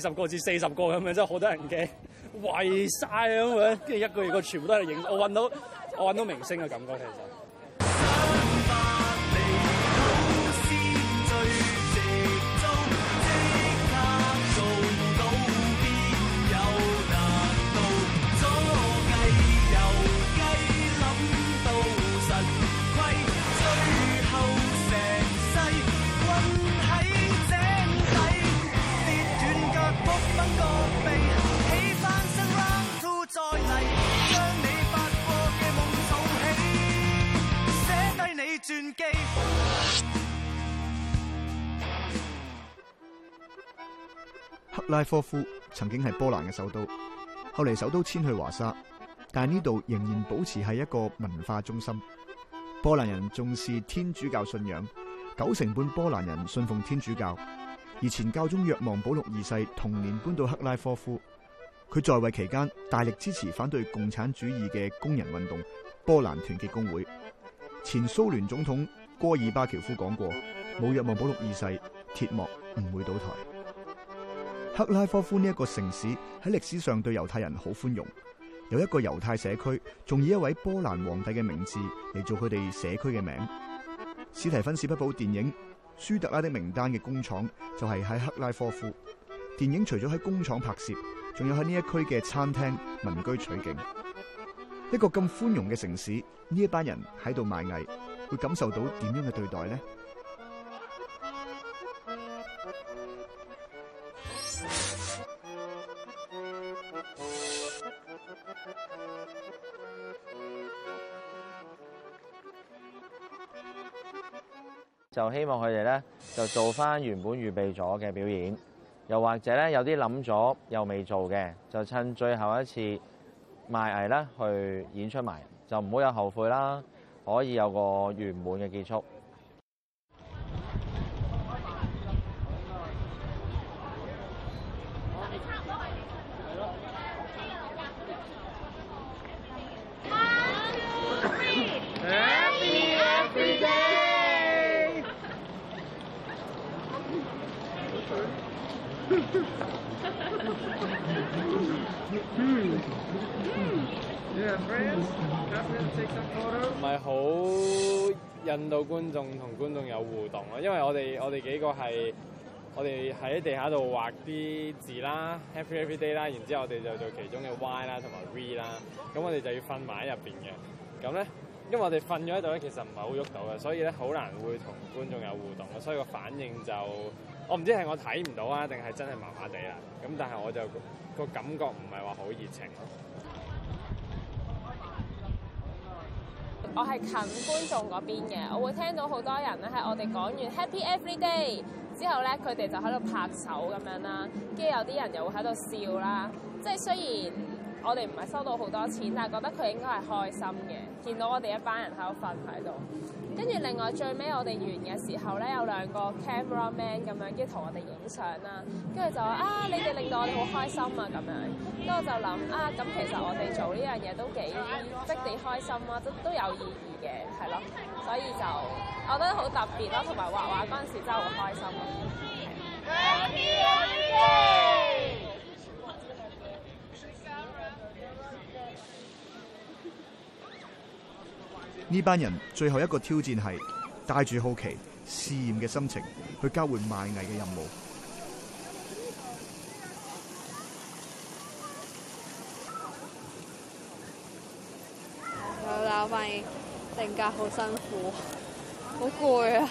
十個至四十個咁樣，真係好多人嘅圍晒咁樣，跟住一個一個全部都係影，我搵到我搵到明星嘅感覺，其實。克拉科夫曾經係波蘭嘅首都，後嚟首都遷去華沙，但呢度仍然保持係一個文化中心。波蘭人重視天主教信仰，九成半波蘭人信奉天主教。而前教宗若望保禄二世同年搬到克拉科夫，佢在位期間大力支持反對共產主義嘅工人運動——波蘭團結工會。前蘇聯總統戈爾巴喬夫講過：冇若望保禄二世，鐵幕唔會倒台。克拉科夫呢一個城市喺歷史上對猶太人好寬容，有一個猶太社區，仲以一位波蘭皇帝嘅名字嚟做佢哋社區嘅名。史提芬史匹堡電影《舒特拉的名單》嘅工廠就係喺克拉科夫。電影除咗喺工廠拍攝，仲有喺呢一區嘅餐廳、民居取景。一個咁寬容嘅城市，呢一班人喺度賣藝，會感受到點樣嘅對待咧？就希望佢哋呢，就做翻原本預備咗嘅表演，又或者呢，有啲諗咗又未做嘅，就趁最後一次賣藝呢，去演出埋，就唔好有後悔啦，可以有個圓滿嘅結束。唔係好印度觀眾同觀眾有互動咯，因為我哋我哋幾個係我哋喺地下度畫啲字啦，happy every day 啦，然之後我哋就做其中嘅 Y 啦同埋 V 啦，咁我哋就要瞓埋喺入邊嘅。咁咧，因為我哋瞓咗喺度咧，其實唔係好喐到嘅，所以咧好難會同觀眾有互動嘅，所以個反應就。我唔知係我睇唔到啊，定係真係麻麻地啊？咁但係我就個感覺唔係話好熱情咯。我係近觀眾嗰邊嘅，我會聽到好多人咧喺我哋講完 Happy Every Day 之後咧，佢哋就喺度拍手咁樣啦，跟住有啲人又會喺度笑啦。即係雖然我哋唔係收到好多錢，但係覺得佢應該係開心嘅，見到我哋一班人喺度瞓喺度。跟住另外最尾我哋完嘅時候咧，有兩個 camera man 咁樣，跟住同我哋影相啦。跟住就話啊，你哋令到我哋好開心啊咁樣。跟住我就諗啊，咁其實我哋做呢樣嘢都幾積地開心啊，都都有意義嘅，係咯。所以就我覺得好特別咯，啊，同埋畫畫嗰陣時真係好開心，啊。呢班人最後一個挑戰係帶住好奇試驗嘅心情去交換賣藝嘅任務。我諗係更加好辛苦， 好攰啊！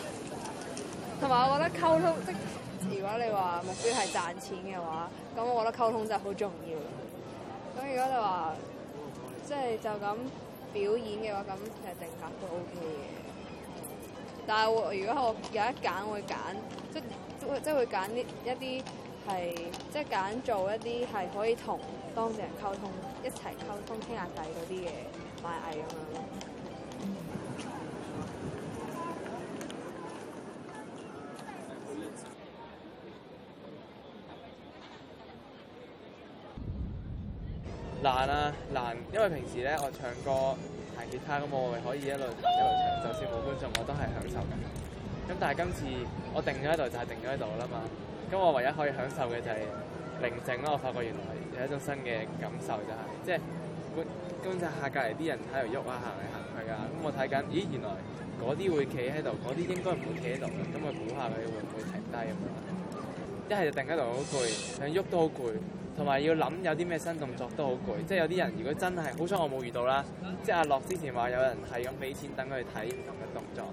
同埋我覺得溝通，即係如果你話目標係賺錢嘅話，咁我覺得溝通就好重要。咁如果你話即係就咁。表演嘅話，咁其實定格都 O K 嘅。但係，如果我有一揀，我會揀即即即會揀啲一啲係即揀做一啲係可以同當地人溝通一齊溝通傾下偈嗰啲嘅賣藝咁樣咯。難啊難，因為平時咧我唱歌彈吉他咁，我可以一路一路唱，就算冇觀眾我都係享受嘅。咁但係今次我定咗喺度就係、是、定咗喺度啦嘛。咁我唯一可以享受嘅就係寧靜啦。我發覺原來有一種新嘅感受就係、是就是，即係觀察下隔離啲人喺度喐啊行嚟行去㗎。咁我睇緊，咦原來嗰啲會企喺度，嗰啲應該唔會企喺度咁我估下佢會唔會停低？咁一係就定喺度好攰，想喐都好攰。同埋要諗有啲咩新動作都好攰，即係有啲人如果真係，好彩我冇遇到啦。即係阿樂之前話有人係咁俾錢等佢睇唔同嘅動作，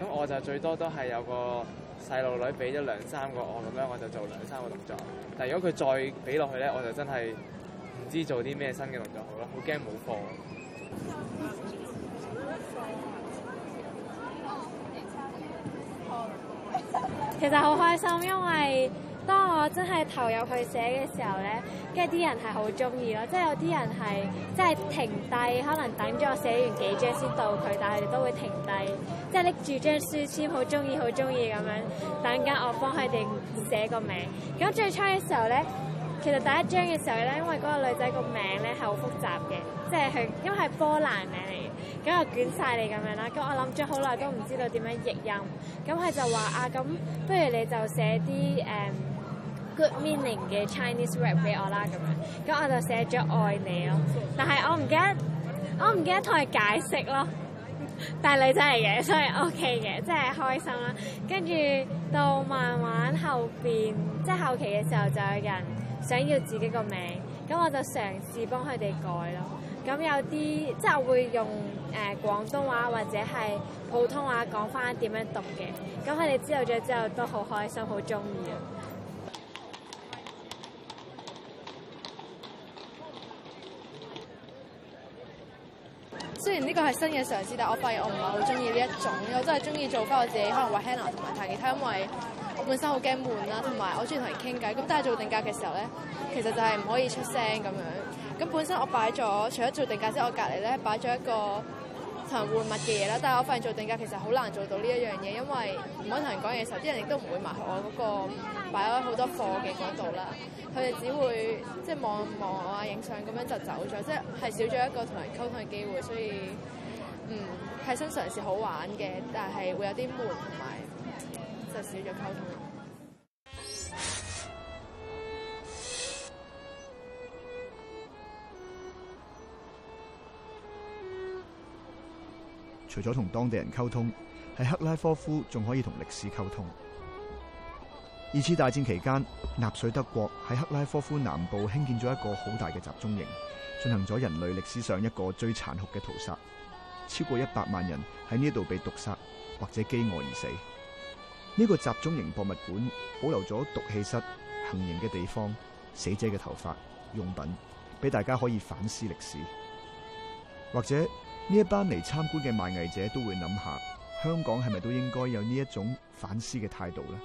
咁我就最多都係有個細路女俾咗兩三個我咁樣，哦、我就做兩三個動作。但係如果佢再俾落去咧，我就真係唔知做啲咩新嘅動作好咯，好驚冇貨。其實好開心，因為，當我真係投入去寫嘅時候咧，跟住啲人係好中意咯，即係有啲人係即係停低，可能等咗我寫完幾張先到佢，但係佢哋都會停低，即係拎住張書簽好中意，好中意咁樣，等陣間我幫佢哋寫個名。咁最初嘅時候咧，其實第一張嘅時候咧，因為嗰個女仔個名咧係好複雜嘅，即係佢因為係波蘭名嚟嘅，咁我捲晒你咁樣啦，咁我諗咗好耐都唔知道點樣譯音，咁佢就話啊，咁不如你就寫啲誒，嗯 Good meaning 嘅 Chinese rap 俾我啦，咁樣，咁我就寫咗愛你咯。但係我唔記得，我唔記得同佢解釋咯。 但係女仔嚟嘅，所以 OK 嘅，即係開心啦。跟住到慢慢後邊，即係後期嘅時候，就有人想要自己個名，咁我就嘗試幫佢哋改咯。咁有啲即係我會用誒廣東話或者係普通話講翻點樣讀嘅，咁佢哋知道咗之後都好開心，好中意啊。雖然呢個係新嘅嘗試，但係我發現我唔係好中意呢一種，我真係中意做翻我自己，可能話 Hannah 同埋彈吉他，因為我本身好驚悶啦，同埋我中意同人傾偈。咁但係做定格嘅時候咧，其實就係唔可以出聲咁樣。咁本身我擺咗，除咗做定格之外，我隔離咧擺咗一個換物嘅嘢啦，但係我發現做定價其實好難做到呢一樣嘢，因為唔可以同人講嘢時候，啲人亦都唔會埋去我、嗰個擺咗好多貨嘅度啦。佢哋只會即係望望我啊，影相咁樣就走咗，即係係少咗一個同人溝通嘅機會，所以，嗯，係想嘗試好玩嘅，但係會有啲悶同埋，就少咗溝通。除咗同當地人溝通，喺克拉科夫仲可以同歷史溝通。二次大戰期間，納粹德國喺克拉科夫南部興建咗一個好大嘅集中營，進行咗人類歷史上一個最殘酷嘅屠殺，超過一百萬人喺呢度被毒殺或者饑餓而死。呢個集中營博物館保留咗毒氣室、行刑嘅地方、死者嘅頭髮、用品，俾大家可以反思歷史，或者。呢一班嚟參觀嘅賣藝者都會諗下，香港係咪都應該有呢一種反思嘅態度咧？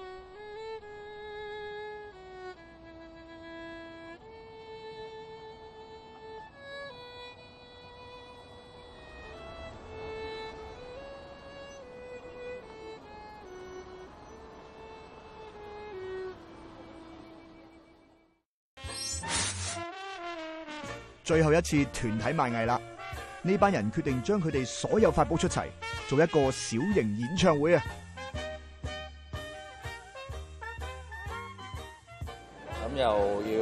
最後一次團體賣藝啦！呢班人決定將佢哋所有法寶出齊，做一個小型演唱會啊！咁又要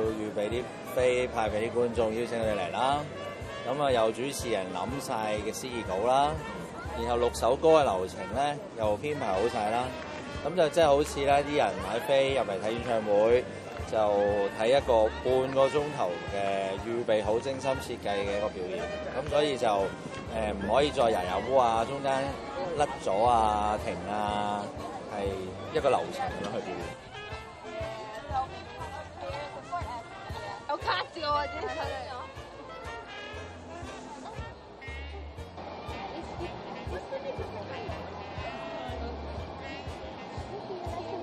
預備啲飛派俾啲觀眾，邀請佢哋嚟啦。咁啊，由主持人諗晒嘅司儀稿啦，然後六首歌嘅流程咧又編排好晒啦。咁就即係好似咧，啲人買飛入嚟睇演唱會。就睇一個半個鐘頭嘅預備好、精心設計嘅一個表演，咁所以就誒、呃、唔可以再搖搖啊，中間甩咗啊、停啊，係一個流程咁去表演。我卡住我哋。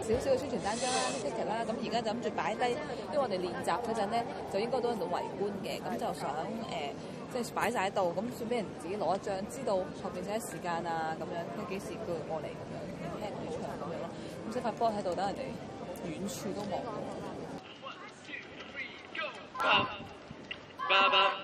少少嘅宣傳單張啦，啲積極啦，咁而家就諗住擺低，因為我哋練習嗰陣咧，就應該都有度圍觀嘅，咁就想誒，即、呃、係、就是、擺晒喺度，咁算俾人自己攞一張，知道後邊寫時間啊，咁樣，即係幾時叫人過嚟咁樣，聽人哋唱咁樣咯，唔使發波喺度等人哋遠處都望。拜拜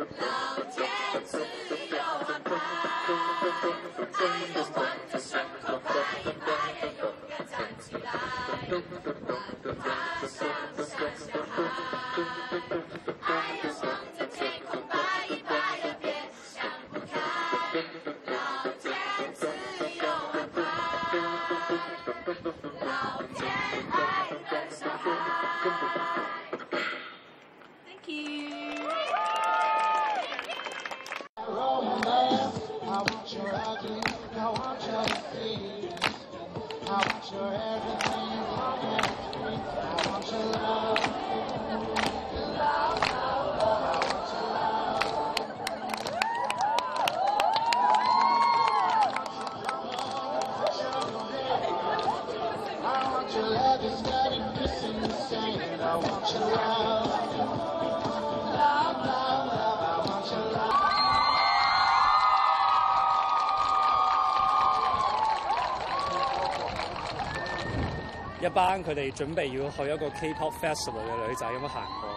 佢哋準備要去一個 K-pop festival 嘅女仔，咁樣行過，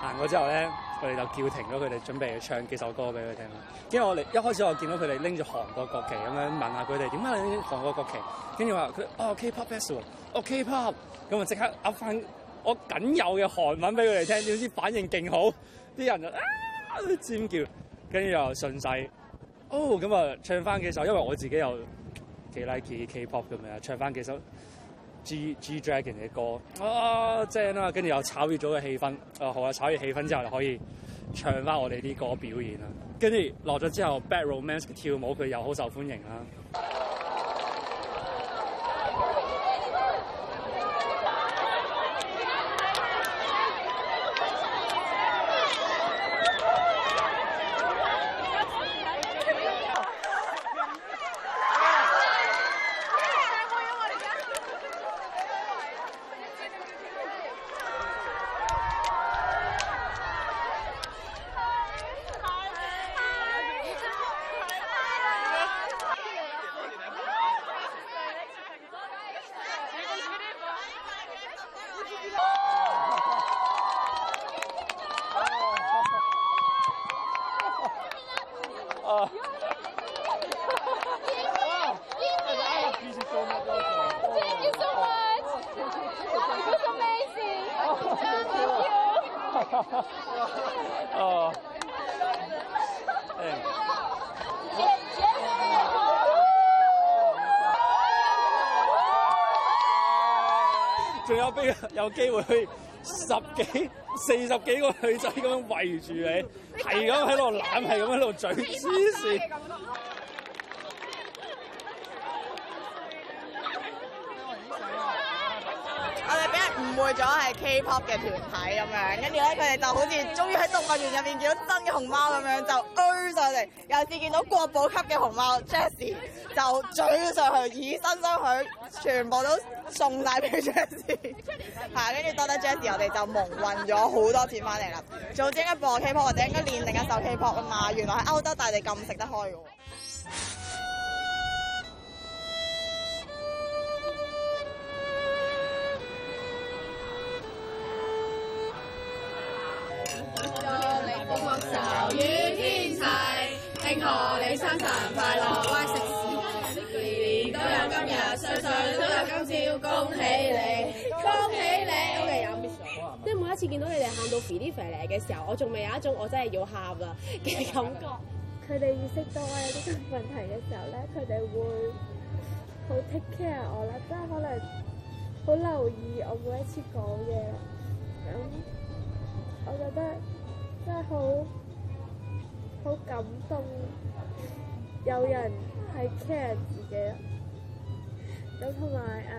行過之後咧，佢哋就叫停咗。佢哋準備唱幾首歌俾佢聽啦。跟住我哋一開始我見到佢哋拎住韓國國旗咁樣問下佢哋點解拎韓國國旗，跟住話佢哦 K-pop festival，哦、oh, K-pop，咁啊即刻噏翻我僅有嘅韓文俾佢哋聽，點知反應勁好，啲人就啊尖叫，跟住又順勢哦咁啊唱翻幾首，因為我自己又幾 like K-pop 咁樣，pop，唱翻幾首。G, G Dragon 嘅歌啊正啦，啊，跟住又炒熱咗個氣氛，啊好啊，炒熱氣氛之後就可以唱翻我哋啲歌表演啦，跟住落咗之後 Bad Romance 跳舞佢又好受歡迎啦。哦，哎，仲、oh. hey. oh. 有俾有機會去十幾、四十幾個女仔咁圍住你，係咁喺度攬，係咁喺度嘴，黐線。背咗係 K-pop 嘅團體咁樣，跟住咧佢哋就好似終於喺動物園入面見到新嘅熊貓咁樣，就追上嚟。尤其見到國寶級嘅熊貓 Jesse，就追上去以身相許，全部都送曬俾 Jesse。嚇！跟住多得 Jesse，我哋就蒙混咗好多錢翻嚟啦。早知應該播 K-pop 或者應該練定一首 K-pop 啊嘛，原來喺歐洲大地咁食得開嘅喎。Beauty 妃嚟嘅時候，我仲未有一種我真係要喊啦嘅感覺。佢哋意識到我有啲問題嘅時候咧，佢哋會好 take care 我啦，即係可能好留意我每一次講嘢。咁我覺得真係好好感動，有人係 care 自己。咁同埋啊，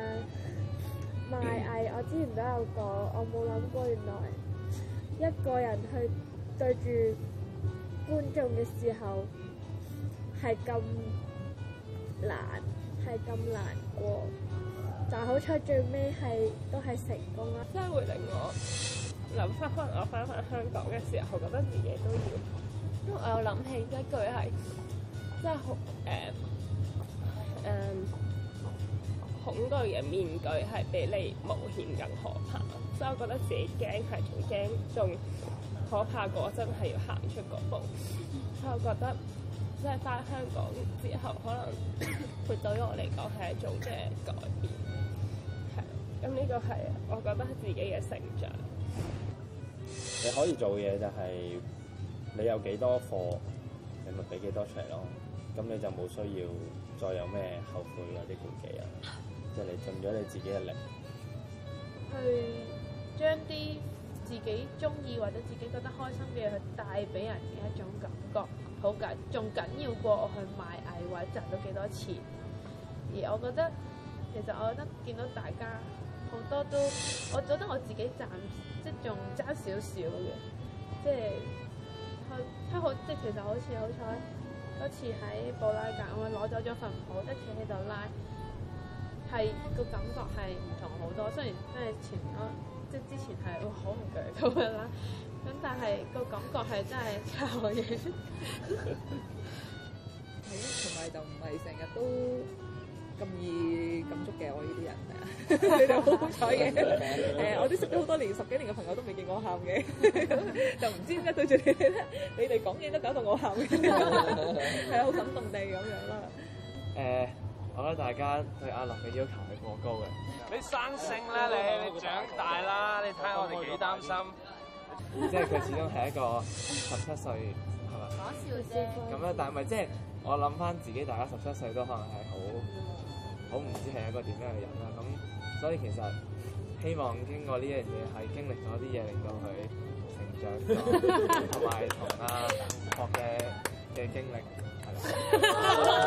賣藝，我之前都有講，我冇諗過原來。一個人去對住觀眾嘅時候係咁難，係咁難過，但好彩最尾係都係成功啦！即係會令我諗翻翻我翻返香港嘅時候，覺得乜嘢都要？因為我有諗起一句係，真係好誒誒，恐懼嘅面具係比你冒險更可怕。所以我覺得自己驚係好驚仲可怕過，真係要行出嗰步。所以 我覺得即係翻香港之後，可能會對於我嚟講係一種嘅改變。係，咁呢個係我覺得自己嘅成長。你可以做嘢就係你有幾多貨，你咪俾幾多出嚟咯。咁你就冇需要再有咩後悔嗰啲顧忌啦。即係、就是、你盡咗你自己嘅力去。將啲自己中意或者自己覺得開心嘅嘢去帶俾人嘅一種感覺，好緊，仲緊要過我去賣藝或者賺到幾多錢。而我覺得，其實我覺得見到大家好多都，我覺得我自己賺即仲爭少少嘅，即係好即好，即係其實好似好彩好似喺布拉格，我攞走咗份稿，一次喺度拉，係個感覺係唔同好多。雖然即係前嗰。即係之前係好唔攰咁樣啦，咁但係個感覺係真係差好遠，係同埋就唔係成日都咁易感觸嘅我呢啲人，你就好彩嘅，誒我都識咗好多年十幾年嘅朋友都未見我喊嘅，就唔知點解對住你哋咧，你哋講嘢都搞到我喊嘅。係啊，好感動地咁樣啦，誒。我覺得大家對阿樂嘅要求係過高嘅。你生性咧，你，嗯、你長大啦，大你睇下我哋幾擔心。 即係佢始終係一個十七歲，係咪？ 講笑先。咁咧，但係咪即係我諗翻自己，大家十七歲都可能係好，好唔知係一個點樣嘅人啦。咁所以其實希望經過呢樣嘢係經歷咗啲嘢，令到佢成長咗，同埋同阿同學嘅嘅經歷係啦。是